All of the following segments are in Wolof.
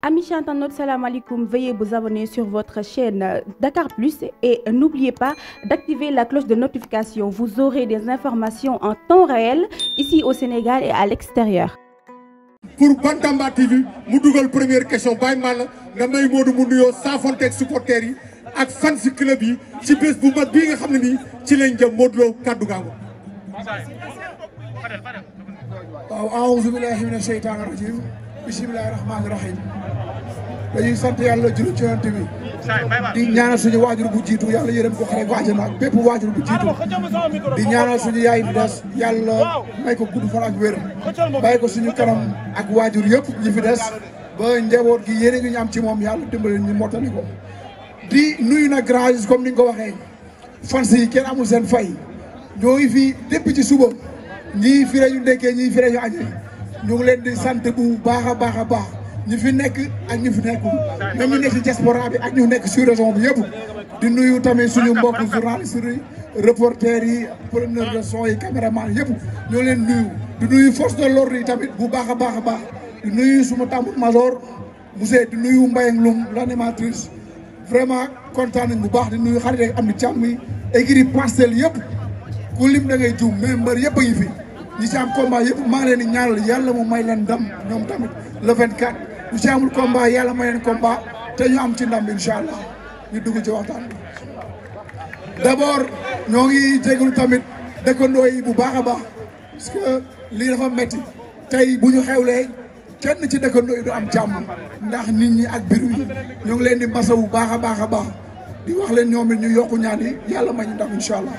Amis chers internautes, alaikum. Veuillez vous abonner sur votre chaîne Dakar Plus et n'oubliez pas d'activer la cloche de notification. Vous aurez des informations en temps réel ici au Sénégal et à l'extérieur. Pour Bantamba TV, mu dugal première question Baye Mal nga may Modou mu nuyoo saafonte ak supporters yi ak fans club yi ci bés bu mag bii nga xam ne ci lañ jëm Modou Lo kaddu bisimilah rahmaani rahim dañuy sant yàlla julli ci yonent bi di ñaanal suñu waajur bu jiitu yàlla yërëm ko xare waajur ak bépp waajur bu jiitu di ñaanal suñu yaay bi des yàlla may ko gudd fan ak wér bàyyi ko suñu kanam ak waajur yëpp ñi fi des ba njaboot gi yéene gi ñu am ci moom yàlla dimbali ñu mottali ko di nuyu na grand comme ni nga ko waxee fans yi kenn amul seen fay ñoo fi depuis ci suba ñii fi la ñu ndekkee ñii fi la ñu añee ñu ngi leen di sant bu baax a baax a baax ñu fi nekk ak ñu fi nekkul même ñu nekk ci diaspora bi ak ñu nekk sur région bi yëpp di nuyu tamit suñu mbokk journalistes yi reporters yi preneurs de son yi caméraman yëpp ñoo leen nuyu di nuyu force de l'ordre yi tamit bu baax a baax a baax di nuyu suma tambour major monsieur di nuyu Mbayang Loum l'animatrice vraiment kontaan nañ bu baax di nuyu xarit am di càmm yi écrit pastel yëpp ku lim da ngay juum mais mbër yëpp a ngi fi ñi ci am combat yëpp maa ngi leen di ñaanal yàlla mu may leen ndam ñoom tamit le 24 ñu ci amul combat yàlla may leen combat te ñu am ci ndam incha allah ñu dugg ci waxtaan bi. d'abord ñoo ngi jégalu tamit dëkkandoo yi bu baax a baax parce que lii dafa metti tey bu ñu xewlee kenn ci dëkkandoo yi du am jàmm ndax nit ñi ak biir yi ñoo ngi leen di masawu baax a baax a baax di wax leen ñoom it ñu yokk ñaan yi yàlla may ñu ndam incha allah.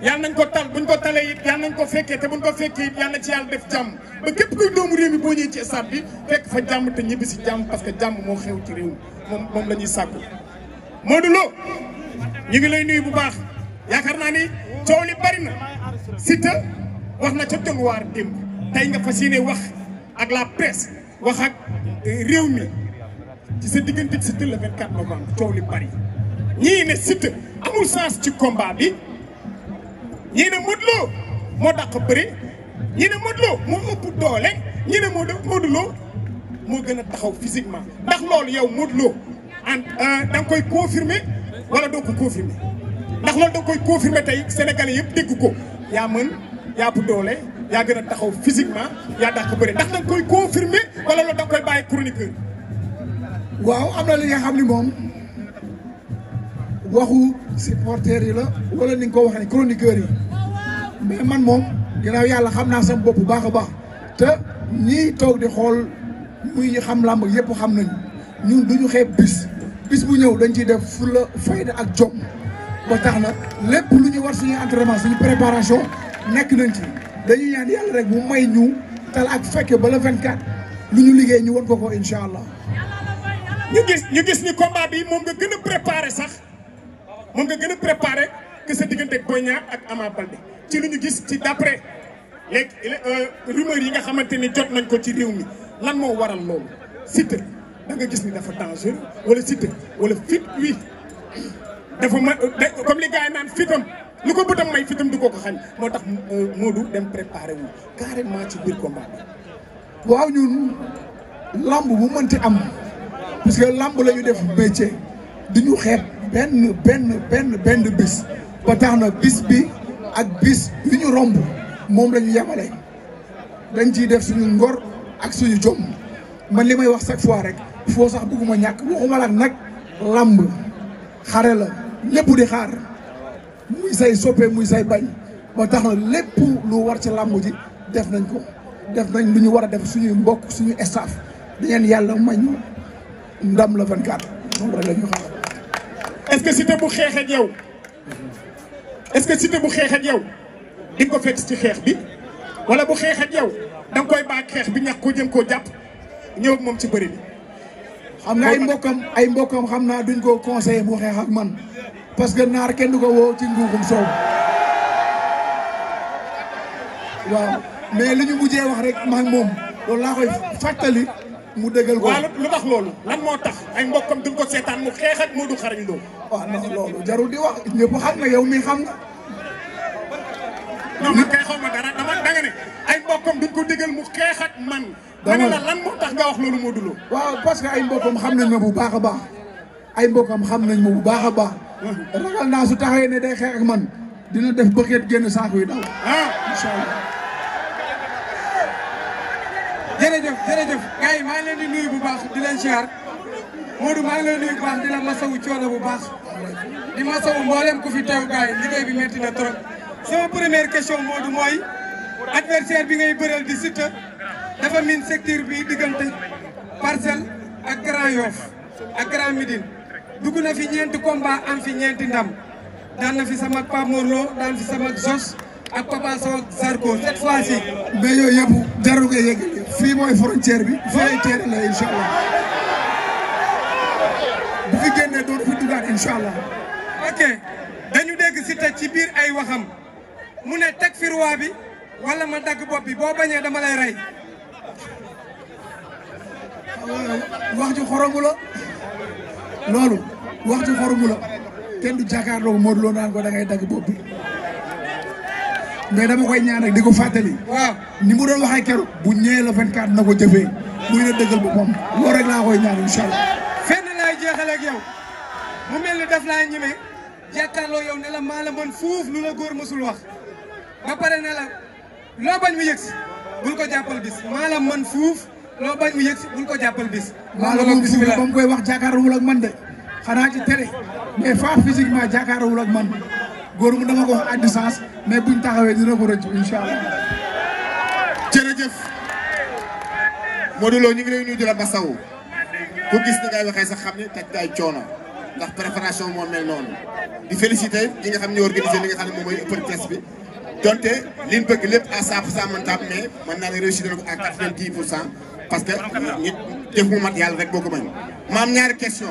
yal nañ ko tal ñu ko talee it yal nañ koo fekkee te buñ ko fekkee it yal ci yàlla def jàmm ba képp kuy doomu réew mi boo ñëwee ci stade bi fekk fa jàmm te ñibbi si jàmm parce que jàmm moo xew ci réew mi moom moom la ñuy sàkku. Modou Lo ñu ngi lay nuyu bu yaakaar naa ni coow bari na wax na ca tënguwaar démb tey nga fas yéene wax ak la presse wax euh, réew mi ci sa diggante Siteu le 24 novembre coow li bari ñii ne Siteu amul sens ci combat bi. ñii ne Modou moo dàq bëri ñii ne Modou Lo moo ëpp doole ñii ne Modou Lo moo gën a taxaw physiquement ndax loolu yow Modou loo en euh, da koy confirmer wala doo ko confirmer ndax loolu da koy confirmer tey sénégalais yëpp dégg ko yaa mën yaa bu doole yaa gën a taxaw physiquement yaa dàq bëri ndax da koy confirmer wala loolu da nga koy bàyyi chroniqueur waaw am na li nga xam ni moom waxu supporters yi la wala ni nga ko waxee chroniqueur yi mais man moom ginnaaw yàlla xam naa sama bopp bu baax a baax te ñi toog di xool muy xam làmb yëpp xam nañ ñun du ñu xeeb bis bis bu ñëw dañ ciy def fulla fayda ak jom ba tax na lépp lu ñu war suñu entraînement suñu préparation nekk nañ ci dañuy ñaan yàlla rek mu may ñu tal ak fekke ba le 24 lu ñu liggéey ñu wan ko ko incha allah. ñu gis ñu gis ni combat bi moom nga gën préparé sax moom nga gën a préparé que sa diggante ak Boy Niang ak Ama Baldé ci li ñu gis ci d'après léegi euh, rumeur yi nga xamante ni jot nañ ko ci réew mi lan moo waral loolu Siteu da nga gis ni dafa dangereux wala Siteu wala fit wi dafa ma comme li gars yi naan fitam lu ko bëtam may fitam du ko ko xañ moo tax euh, Modou dem préparé wu carrément ci biir combat bi waaw ñun lamb bu mënti am parce que lamb la def métier di ñu xeeb benn benn benn benn bis ba tax na bis bi ak bis yu ñu romb moom lañu ñu dañ ciy def suñu ngor ak suñu jom man li may wax chaque fois rek foo sax bëgguma ñàkk waxuma la nag làmb xare la lépp di xaar muy say soppe muy say bañ ba tax na lépp lu war ci làmb ji def nañ ko def nañ lu ñu war a def suñuy mbokk suñu staff dañeen yàlla mañu ndam la 24 moom rek la ñu bu xeexee yow est-ce que Siteu bu xeex ak yow di ko fekk ci xeex bi wala bu xeex ak yow da koy baag xeex bi ñax ko jëm koo jàpp ñëw moom ci bëri bi. xam naa ay mbokkam ay mbokkam xam naa duñ ko conseillé mu xeex ak man parce que naar kenn du ko woo ci nguuxum soow waaw mais li ñu mujjee wax rek maa moom loolu laa koy fàttali. mu dëggal ko waaw lu tax loolu lan moo tax ay mbokkam duñ ko seetaan mu xeex ak Modou Xarañ Lo waaw ndax loolu jarul di wax ñëpp xam na yow mi xam nga non man kay xaw ma dara dama danga ne ay mbokkam duñ ko dëggal mu xeex ak man ma ne la lan moo tax nga wax loolu du Lo waaw parce que ay mbokkam xam nañ ma bu baax a baax ay mbokkam xam nañ ma bu baax a baax ragal naa su taxawee ne day xeex ak man dina def bëgget génn saako yi daal ah incha allah jërëjëf jërëjëf gars yi maa ngi leen di nuyu bu baax di leen ziar Modou maa ngi leen di nuyu bu baax di la masawu coono bu baax di masawu mboolem ku fi teew gars yi liggéey bi métti na trop. sama première question Modou mooy adversaire bi ngay bëreel di Siteu dafa miin secteur bi diggante Parcelles ak Grand Yoff ak Grand Médine dugg na fi ñeenti combat am fi ñeenti ndam daan na fi sama Pape Mor Lo daan fi sama Jos. ak Papa Sow ak Zarko cette fois ci. mais yooyu yëpp jarul nga yëg fii mooy frontière bi. fii ay teere la incha allah. bu fi génnee doon fi dugaat allah. ok dañu dégg Siteu ci biir ay waxam mu ne teg fi bi wala ma dagg bopp bi boo bañee dama lay rey. wax ji xoromu la loolu wax ji xoromu la kenn du jàkkaarloo Modou Lo naan ko da dagg bopp mais dama koy ñaan rek di ko fàttali. waaw ni mu doon waxee keroog. bu ñëwee la 24 na ko jëfee. muy la dëggal boppam loolu rek laa koy ñaan incha allah. fenn laay jeexale ak yow mu mel ni daf laa ñeme jàkkaarloo yow ne la maa la mën fuuf lu la góor mësul wax ba pare ne la loo bañ mu yëg bul ko jàppal bis maa la mën fuuf loo bañ mu yëg si bul ko jàppal bis. maa la mën fuuf ba mu koy wax jàkkaarloowul man de xanaa ci télé mais faa physiquement jàkkaarloowul ak man. góor mu dama ko wax à distance mais buñ taxawee dina ko rëcc incha allah. jërëjëf Modou Lo ñu ngi lay nuyu di ba Massawu ku gis ni ngay waxee sax xam ne taj na ay coono ndax préparation moom mel noonu di féliciter ñi nga xam ne organisé li nga xam ne moom mooy open test bi. donte liñ bëgg lépp à 100% mëntaam mais mën naa ne réussir na ko à 90 pour parce que nit def mu mat yàlla rek boo ko mën maam ñaari question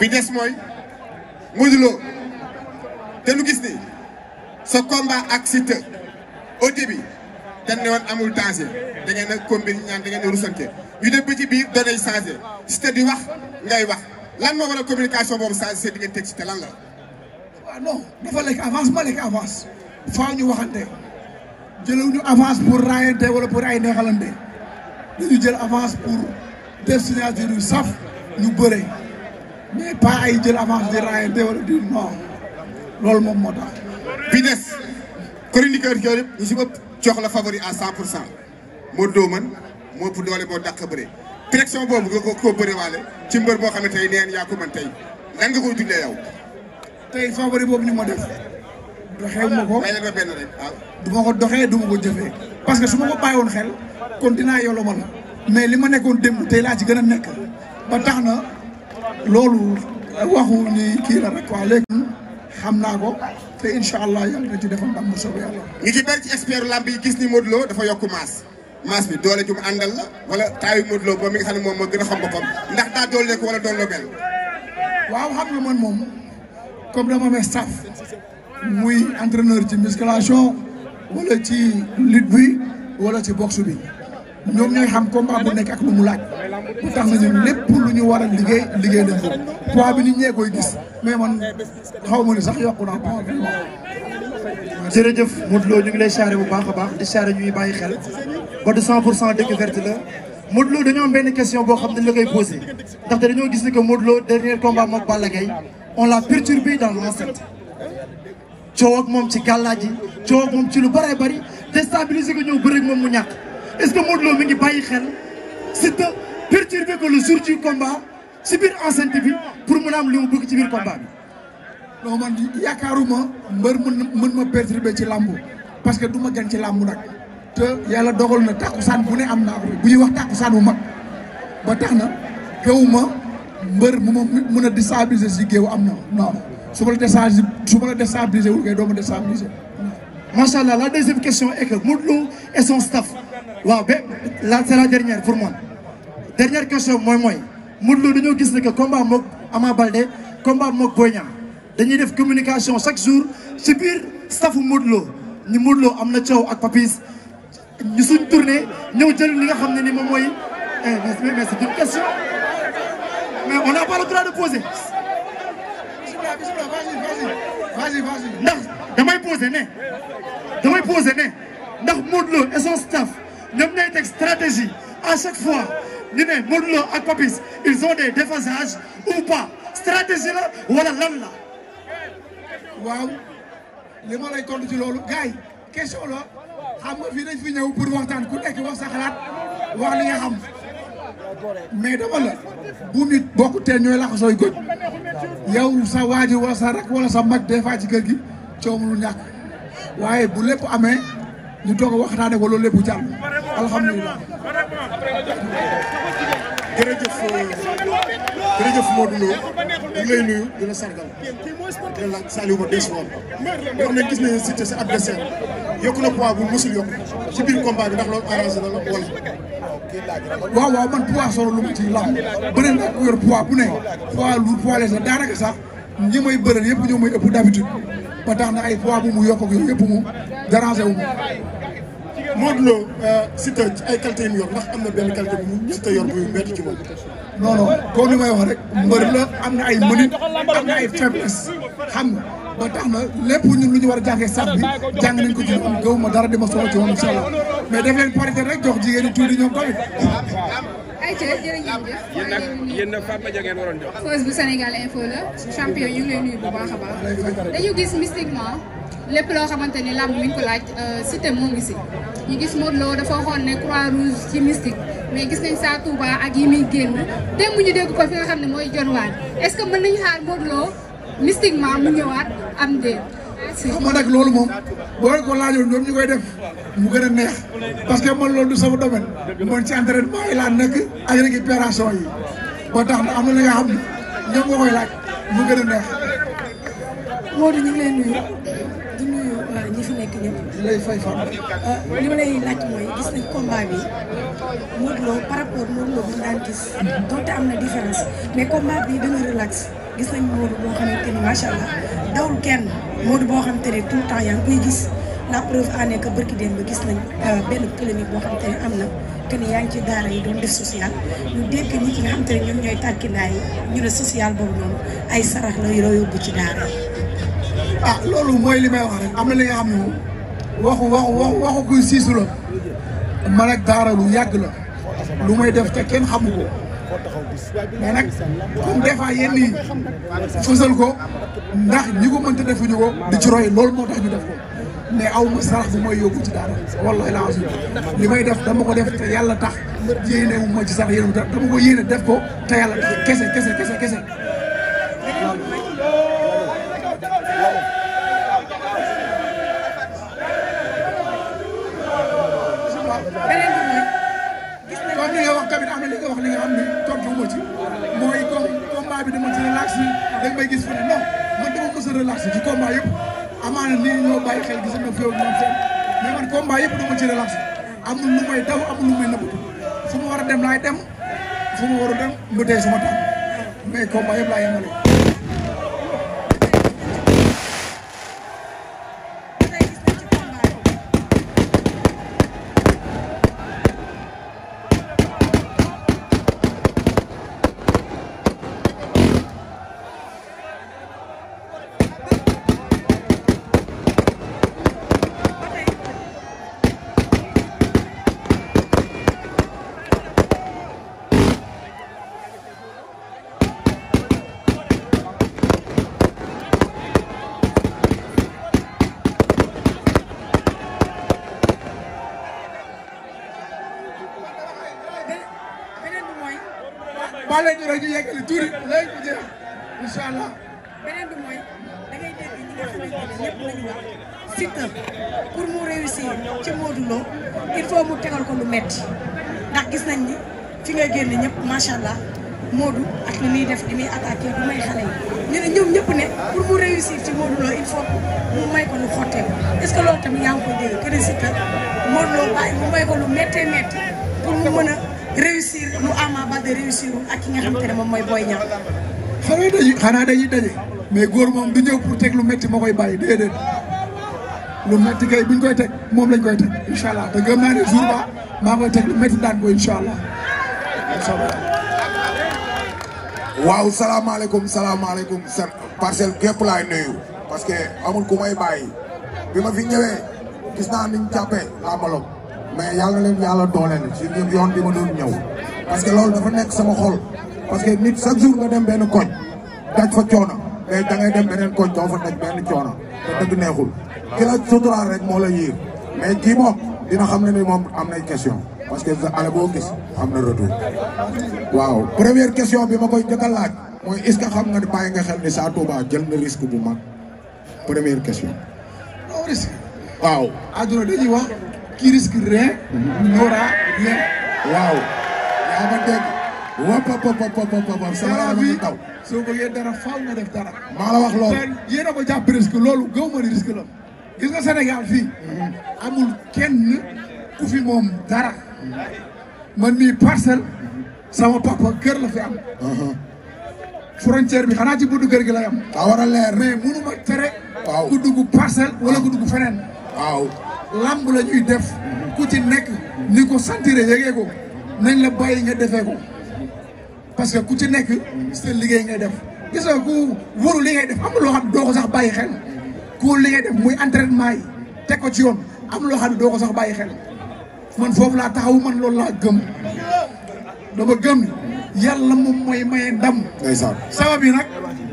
bi des mooy Modou Lo de nu gis ni sa combat ak Siteu au début dañ ne amul danger da ngeen a combine ñaan da ngeen a rusante ñu dem ba ci biir données changé Siteu di wax ngay wax lan moo war a communication boobu changé seen diggante ak Siteu lan la. waaw ah non dafa lekk avance ba lekk avance faaw ñu waxante jëlew ñu avance pour raayante wala pour ay neexalante dañu jël avance pour def signature yu saf ñu bëre mais pas ay jël avance di raayante wala di non. loolu moom moo tax fi des chroniqueur yooyu yëpp ñu si bëpp jox la favori à 100 pour cent moo doo mën moo ëpp doole moo dàq bëre direction boobu nga ko koo bëre waale ci mbër boo xam ne tey neen yaa ko mën tey lan nga koy dundee yow. tey favori boobu ñu ma def. doxee ma ko waaye rek waaw. du ma ko doxee du ma ko jëfee parce que su ma ko bàyyi woon xel kon dinaa yolomal mais li ma nekkoon démb tey laa ci gën a nekk ba tax na loolu waxu ni kii la rek waa léegi. xam naa ko te incha allah yàlla na ci defal ndam bu soobee yàlla. ñu ci bëri ci expert lamb yi gis ni Modou Lo dafa yokk maas maas bi doole ju àndal la wala taayu Modou Lo ba mi xam ne moom moo gën a xam boppam ndax daa doole ko wala doole mel. waaw xam nga man moom comme dama amee staff muy entraîneur ci musculation wala ci lutte bi wala ci boxe bi. ñoom ñooy xam combat bu nekk ak lu mu laaj tax na ñun lépp lu ñu war a liggéey liggéey nañ ko poids bi nit ñee koy gis xaw ma ni sax yokku naa poids bi jërëjëf Modou Lo ñu ngi lay charré bu baax a baax di charré ñuy bàyyi xel ba du 100 pour cent découverte la Modou Lo dañoo am benn question boo xam ne la koy posé ndaxte dañoo gis ni que Modou Lo dernier combat l'a perturbé dans l'enceinte coow moom ci gàllaa ji coow ak moom ci lu bëree bëri déstabilisé ko ñëw bëri moom mu ñàkk est-ce que Modou Lo mi ngi bàyyi xel Siteu perturber ko le jour du combat si biir enceinte bi pour mën a am li mu bëgg ci biir combat bi. non man yaakaaruma mbër mën mën ma perturber ci làmb parce que du ma gan ci làmbu nag. te yàlla dogal na tàkkusaan bu ne am naa ko bu ñuy wax tàkkusaan bu mag ba tax na gëwuma mbër mu ma mën a déstabiliser si géew am na non su ma la déstabiliser su ma la déstabiliser wul kay doo ma allah la deuxième question est que Modou Lo waaw ba la c'est la pour moi dernière question mooy mooy Modou dañoo gis ne que combat moog Ama Balde combat moog Boy Niang def communication chaque jour ci biir staffu Modou Lo ñu am na coow ak Papis ñu suñ tournée ñëw jël li nga xam ne ni moom mooy eh, mais mais c'est une question mais on n'a pas de poser. ndax damay poser ne damay poser ndax Modou Lo et ñoom ñooy teg stratégie à chaque fois ñu ne Modou Lo ak Papis ils ont des déphasages ou pas stratégie la wala lan la. waaw li ma lay tontu ci loolu gars yi question la xam nga fii dañ fi ñëw pour waxtaan ku nekk wax sa xalaat wax li nga xam mais dama la bu nit bokk te ñooy laxa sooy goj yow sa waajur wala sa rak wala sa mag des ci kër gi coow mënul ñàkk waaye bu lépp amee. ñu doog a waxtaanee ko loolu lépp jàll alhamdulilah. jërëjëf euh, jërëjëf Modou Lo ñu ngi di la sargal di la yokku na poids bu musul yokk ci biir combat bi ndax loolu arrangé na waaw waaw man poids lu mu ci làmb bëri na ku yor poids bu ne poids lourd poids léger daanaka sax ñi may bëral yëpp ñoo ëpp d'habitude ba tax ay poids bu yokk ak yooyu yëpp mu wu Modou Lo euh, Siteu ay qualité yu mu ndax am na benn qualité bu Siteu yor bu métti ci moom. non non comme li rek mbër la am na ay mënit am na ay faiblesse xam ba tax na lépp ñun lu ñu war a jàngee sax bi jàng nañ ko ci am gaw dara di ma soxla ci moom incha allah mais def leen parité rek jox jigéen ñi tuuti ñoom tamit. ayca jërëjëf lépp loo xamante ni làmb mi ngi ko laaj euh, Siteu moo ngi si ñu gis Modou Lo dafa waxoon ne croix mais gis nañ saa Touba ak yi muy génn démb ñu dégg ko fi mooy jonwaar est-ce que mën nañu xaar Modou Lo mystiquement mu ñëwaat am déet. xam nga nag loolu moom boo ko laajoon ñoom koy def mu gën a neex parce que man loolu du sama domaine man ci entraînement yi laa nekk ak récupération yi ba tax na am na li nga xam ne ñoom nga koy laaj mu gën a neex. Modou ñu ngi lay nuyu. Euh, li ma lay laaj mooy gis nañ combat bi Modou Lo par rapport Modou Lo bi ñu daan gis donte am na différence mais combat bi dana relax gis nañ Modou boo xamante ni macha allah kenn Modou boo xamante ne tout le temps yaa ngi koy gis la preuve en est que barki gis nañ euh, benn polémique boo xamante ne am na que ni yaa ngi ci daara yi doon def social ñu dégg ñi ki nga xamante ne ñoom ñooy tàkkindaay yi ñu ne social boobu noonu ay sarax la yoo yóbbu ci daara yi. ah loolu mooy li may wax rek am na li nga xam waxu waxu waxu kuy siisu la man a daara lu yàgg la lu may def te kenn xamu ko mais nag comme des fois yenn yi fësal ko ndax ñi ko mënta defuñu ko di ci roy loolu moo tax ñu def ko mais aw ma sarax bu may yóbbu ci daara wallahi la azim li may def dama ko def te yàlla tax yéene wu ma ci sax yéene dama ko yéene def ko te yàlla tax kese kese kese kese combat bi dama ci relax yi da nga may gis fu ne non man dama mos a relax ci combat yëpp amaana nii ñoo bàyyi xel gis na féew ñoom seen mais man combat yëpp dama ci relax amul lu may daw amul lu may nëbbatu fu ma war a dem laay dem fu ma war a dem lu dee suma taal mais combat yëpp laa yemale baal leen ñu rek ñu yeggali tuuti beneen bi mooy da ngay dégg ñi nga xamante ne ñëpp lañu wax pour mu réussir ci Modou Lo il faut mu tegal ko lu metti ndax gis nañ ni fi ngay génn ñëpp macha allah Modou ak li muy def di muy attaqué bu may xale yi ñu ne ñëpp ne pour mu réussir ci Modou il faut mu may ko lu xotteeku est ce tamit yaa ngi ko dégg que ne Siteu bàyyi mu may ko lu méttee métti pour mu mën a. réussir lu Ama Baldé réussir ak ki nga xamante ne moom mooy Boy Niang. xanaa dañuy xanaa dañuy daje mais góor moom du ñëw pour teg lu métti ma koy bàyyi déedéet lu métti kay buñ koy teg moom lañ koy teg incha allah te gëm ne jour ba maa koy teg lu métti daan ko incha waaw salaamaaleykum salaamaaleykum seen parcelle képp laay nuyu parce que amul ku may bàyyi bi ma fi ñëwee gis naa niñ jàppee laa malom mais yàlla leen yàlla dooleel ci yoon bi ma doon ñëw parce que loolu dafa nekk sama xol parce que nit chaque jour nga dem benn koñ daj fa coono mais da ngay dem beneen koñ doo fa daj benn coono te dëgg neexul ki la rek moo la yiir mais kii moom dina xam ne ni moom am nay question parce que ale boo gis am na retour waaw première question bi ma koy njëkk a laaj mooy est-ce que xam nga ni bàyyi nga xel ni Sa Touba jël na risque bu mag première question. qui risque rien n'aura rien waaw yaa ma dégg wop wop wop sama fi taw soo bëggee dara faaw nga def dara maa la wax loolu yéen a ko jàpp risque loolu gaw ma ni risque la gis nga Sénégal fii amul kenn ku fi moom dara man mii parcelle sama papa kër la fi am uh-huh. frontière bi xanaa ci buntu kër gi lay am daa war a leer mais mënu ma tere waaw ku dugg wala ku dugg waaw làmb la ñuy def ku ci nekk ni ko sentir yëgee ko nañ la bàyyi nga defee ko parce que ku ci nekk sa liggéey ngay def gis nga ku wóorul li ngay def am loo xam doo ko sax bàyyi xel ku li ngay def muy entraînement yi teg ko ci yoon am loo xam doo ko sax bàyyi xel man foofu laa taxaw man loolu laa gëm dama gëm yàlla moom mooy maye ndam. ndeysaan sabab yi nag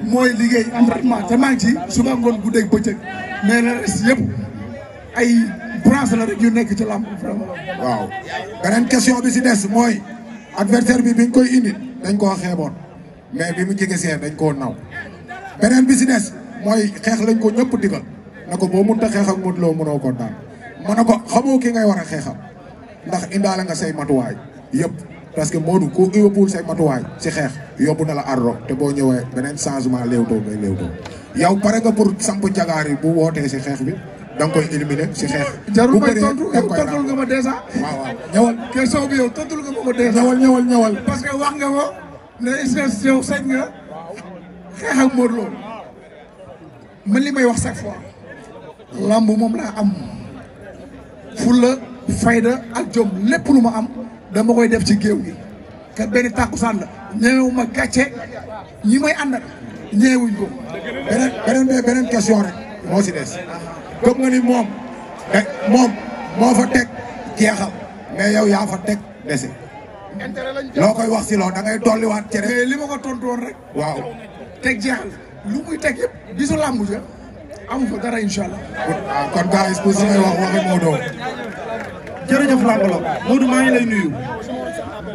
mooy liggéey entraînement te maa ngi ci suba ngoon guddeeg bëccëg mais le reste yëpp ay. branche la rek yu nekk ci làmb waaw beneen question bi si des mooy adversaire bi biñ koy indi dañ koo xeeboon mais bi mu jege see dañ koo naw beneen bi si des mooy xeex lañ ko ñëpp digal na ko boo mënta xeex ak Modou Lo mënoo ko daan ma ne ko xamoo ki ngay war a xeexam ndax indaale nga say matuwaay yëpp parce que Modou ku yóbbuwul say matuwaay si xeex yóbbu na la arro te boo ñëwee beneen changement léewtoo ngay léewtoo yow pare nga pour samp jagaar yi bu wootee si xeex bi da nga koy éliminer si xeex. jarul may tontu yow nga ma dèjà. waaw waaw ñëwal question bi yow tontul nga parce que wax nga ma ne ISRA sa sañ nga xeex ak Modou Lo li may wax chaque fois lamb moom laa am fulla fayda ak jom lépp lu ma am dama koy def ci géew gi kat benn tàkkusaan la ñeewu ma gàcce ñi may àndal ñeewuñ ko. beneen beneen question rek moo si des. comme nga ni moom eh, moom moo fa teg jeexal mais yow yaa fa teg dese. loo koy wax si loo dangay ngay dolliwaat cere. li ma ko tontu woon rek. waaw teg jeexal lu muy teg yëpp bisu làmb ja amu fa dara incha allah. Ah, kon kon gars yi wax waxi Modou. jërëjëf làmb la Modou maa ngi lay nuyu.